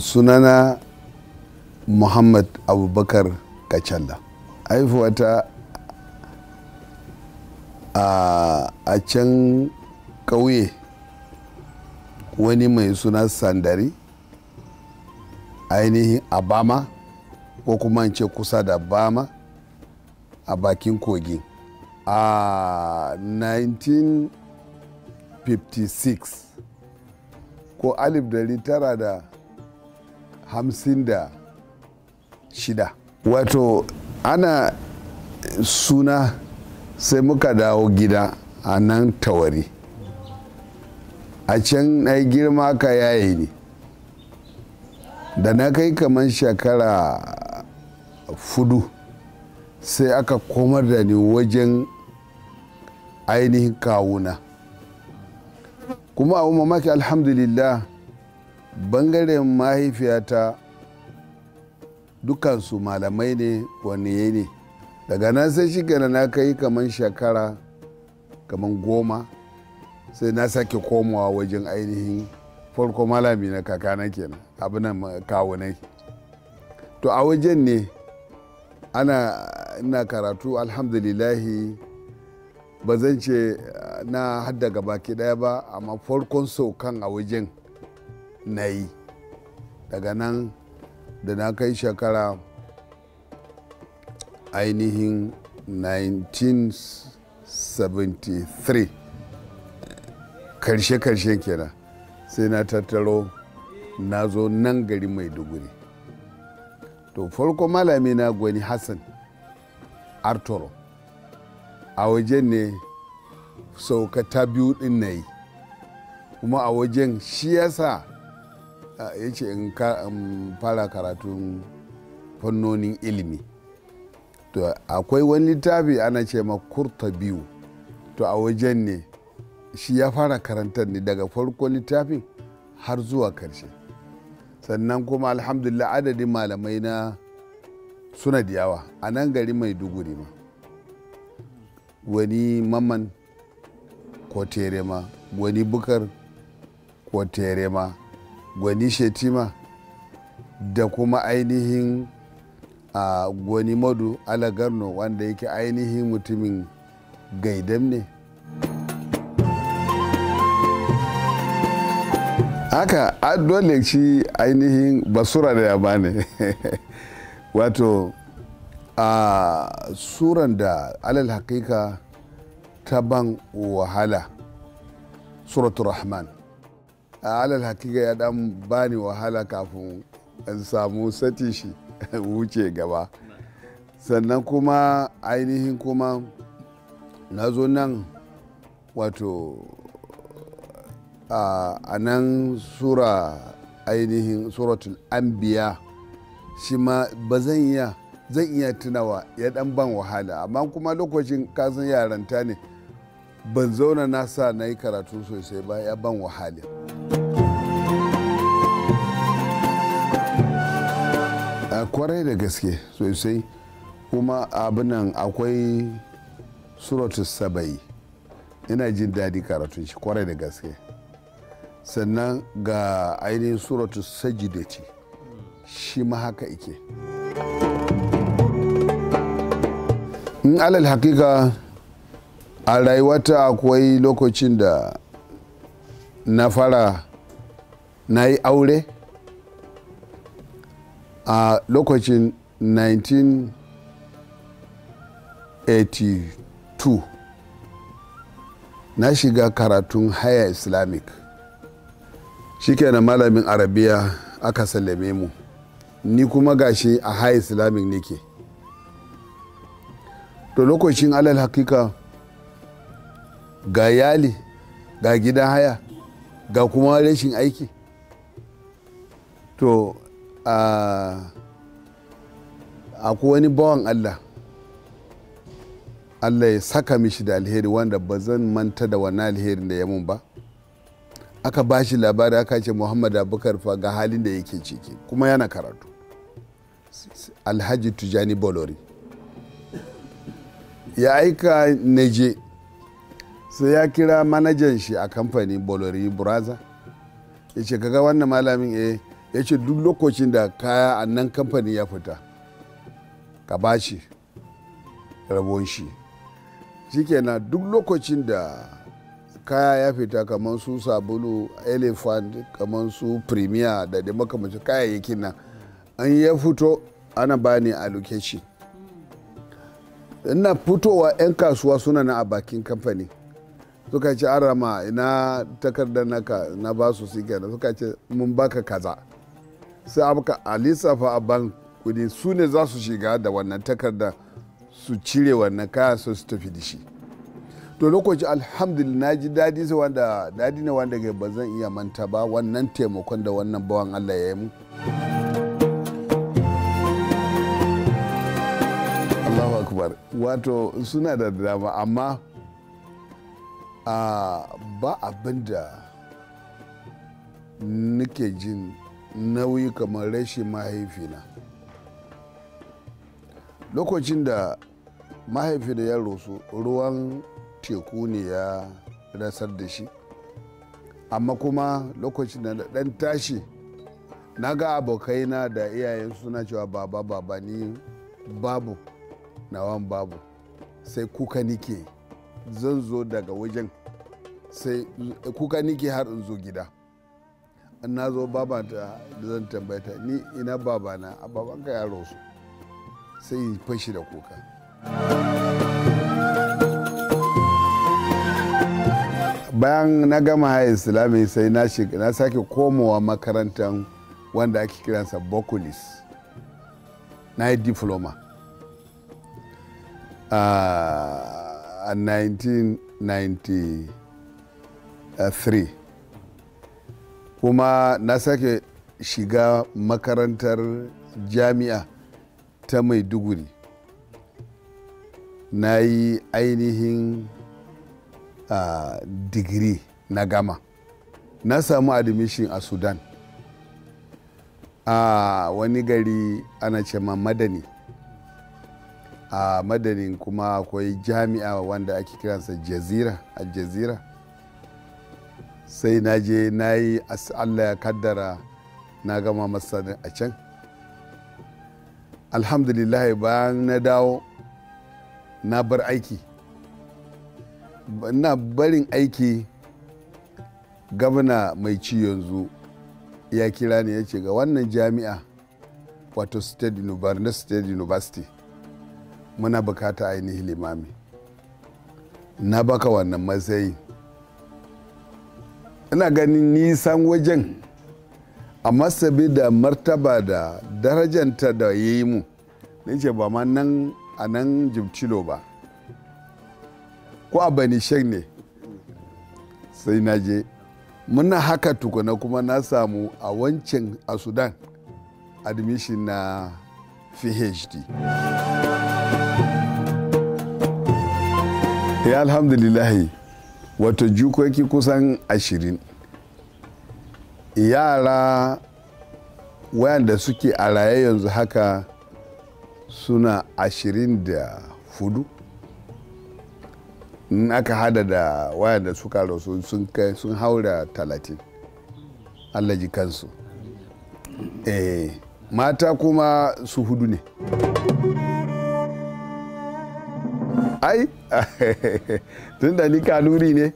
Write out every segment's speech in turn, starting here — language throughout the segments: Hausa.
sunana muhammad abubakar kacalla haifuwata a, a can ƙauye wani mai suna sandari ainihin a bama ko kuma ce kusa da bama a bakin kogi a 1956 ko alif da hamsin da shida wato ana suna sai muka dawo gida a nan tawari a can na girma ka yaye ne da na kai kamar shekara fudu sai aka komar da ni wajen ainihin kawuna kuma abu mamaki alhamdulillah bangaren mahaifiyata dukansu malamai ne wani ne daga nan sai shi na kai kamar shekara kamar goma sai na sake komawa wajen ainihin farko malami na kakana kenan nan kawunai to a wajen ne ana ina karatu alhamdulillahi ba zan ce ah, na hadda gaba ki daya ba amma farkon saukan a wajen na yi daga nan da na kai shekara ainihin 1973 karshe-karshe kenan sai na tattaro na zo nan gari mai duguri to farko malami na gwani hassan arturo a wajen ne sauka ta biyu din na yi kuma a wajen shi yasa ya ce in fara karatun fannonin ilimi to akwai wani littafi ana ce ma kurta biyu to a wajen ne shi ya fara karantar ne daga farkon littafin har zuwa karshe sannan kuma alhamdulillah adadin malamai na suna da yawa a nan gari mai duguri ma wani maman tere ma wani bukar ko tere ma gwani shetima da kuma ainihin a gwani madu alagarno wanda yake ainihin mutumin gaidam ne haka a dole shi ainihin basura da yaba ne wato a suran da alal hakika ta ban wahala suratul rahman alal hakika ya dan bani wahala kafin in samu sati shi wuce gaba sannan kuma ainihin kuma na zo nan wato a nan sura ainihin suratul anbiya shi ma ba zan iya zan iya tunawa ya dan ban wahala amma kuma lokacin kasan yaranta ne ban zauna na sa na yi karatu sosai ba ya ban wahala kwarai da gaske sosai kuma abinan akwai suratu saba'i ina jin daɗi karatun shi kwarai da gaske sannan ga ainihin suratu sajidati shi ma haka ike in alal hakika a rayuwata akwai lokacin da na fara na yi aure a lokacin 1982 na shiga karatun haya islamic shikenan malamin arabiya aka sallame mu ni kuma gashi a haya islamic nake to lokacin alal hakika ga yali ga gidan haya ga kuma rashin aiki to ko wani bawan allah allah ya saka mishi da alheri wanda ba zan manta da wani alheri da ya mun ba aka ba shi labari aka ce muhammad abubakar fa ga halin da yake ciki kuma yana karatu alhaji tujani bolori ya aika neje sai ya kira manajan shi a kamfani bolori buraza ya ce kaga wannan malamin eh ya ce duk lokacin da kaya a nan kamfani ya fita ka shi rabon shi shikenan duk lokacin da kaya ya fita kamar su sabulu elephant kamar su premier da da makamacin kayayyakin nan an ya fito ana bani lokaci ina fitowa 'yan kasuwa suna na a bakin kamfani suka ce arama ina takardar naka na basu su suka ce mun baka kaza sai abka a lissafa a bank kudi su ne za su shiga da wannan takardar su cire wannan kaya su su tafi da shi to lokaci alhamdulillah na ji daɗi sai wanda dadi ne wanda ga ba zan iya manta ba wannan taimakon da wannan bawan allah ya yi mu allahu akbar wato suna da dama amma ah, ba abinda da nake jin nauyi kamar rashin mahaifina lokacin da mahaifina ya rusu ruwan teku ne ya rasar da shi amma kuma lokacin da ɗan tashi na ga abokaina da iyayen suna cewa baba baba ni babu nawan babu sai kuka nike zan zo daga wajen sai kuka nike har in zo gida in na zo baba ta da zan tambayata ni ina babana a babanka ya rasu sai yi fashi da kuka bayan na gama haya islami sai na na sake komowa makarantar wanda ake kiransa bokulis na yi diploma a 1993 kuma na sake shiga makarantar jami'a ta maiduguri na yi ainihin uh, digiri na gama na samu admission a sudan a uh, wani gari ana ce ma madani a uh, madanin kuma akwai jami'a wanda ake kiransa jazira a jazira sai na je na yi allah ya kaddara na gama masani a can alhamdulillah bayan na dawo na bar aiki na barin aiki gabna mai ci yanzu ya kira ni ya ce ga wannan jami'a wato state university, muna bukata ainihin limami na baka wannan matsayin ina ganin nisan wajen amma da martaba da darajanta da ya yi mu ce ba ma nan a nan jimcilo ba ko a bani shek ne sai na je muna haka tukuna kuma na samu a wancan a sudan admission na phd ya eh, alhamdulillahi wato jikoki kusan ashirin yara wayanda suke a raye yanzu haka suna ashirin da hudu in aka hada da wayanda suka rasu sun kai sun haura talatin allah kansu eh mata kuma su hudu ne. ai tun da ni kanuri ne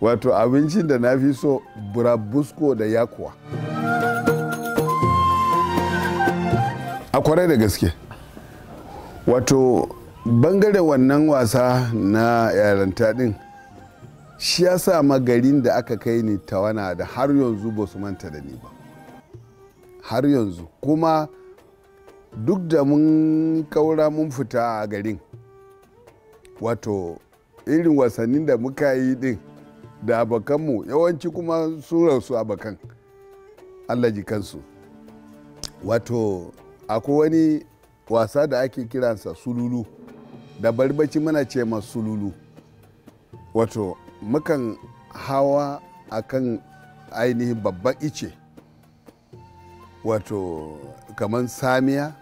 wato abincin da na fi so burabusko da yakuwa a kwarai da gaske wato bangaren wannan wasa na yaranta din shi ya sa magarin da aka kai ni tawana da har yanzu ba su manta da ni ba har yanzu kuma duk da mun kaura mun fita a garin wato irin wasannin da muka yi din da abokanmu yawanci kuma sun rasu abokan allah jikansu wato akwai wani wasa da ake kiransa sululu da barbaci mana ce sululu wato mukan hawa akan ainihin babban ice wato kamar samiya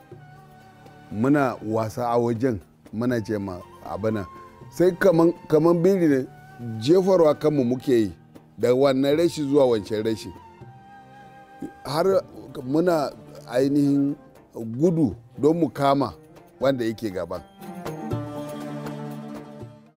muna wasa a wajen muna ce ma bana sai kaman biri ne jefarwa kanmu muke yi da wannan rashi zuwa wancan rashi har muna ainihin gudu don mu kama wanda yake gaban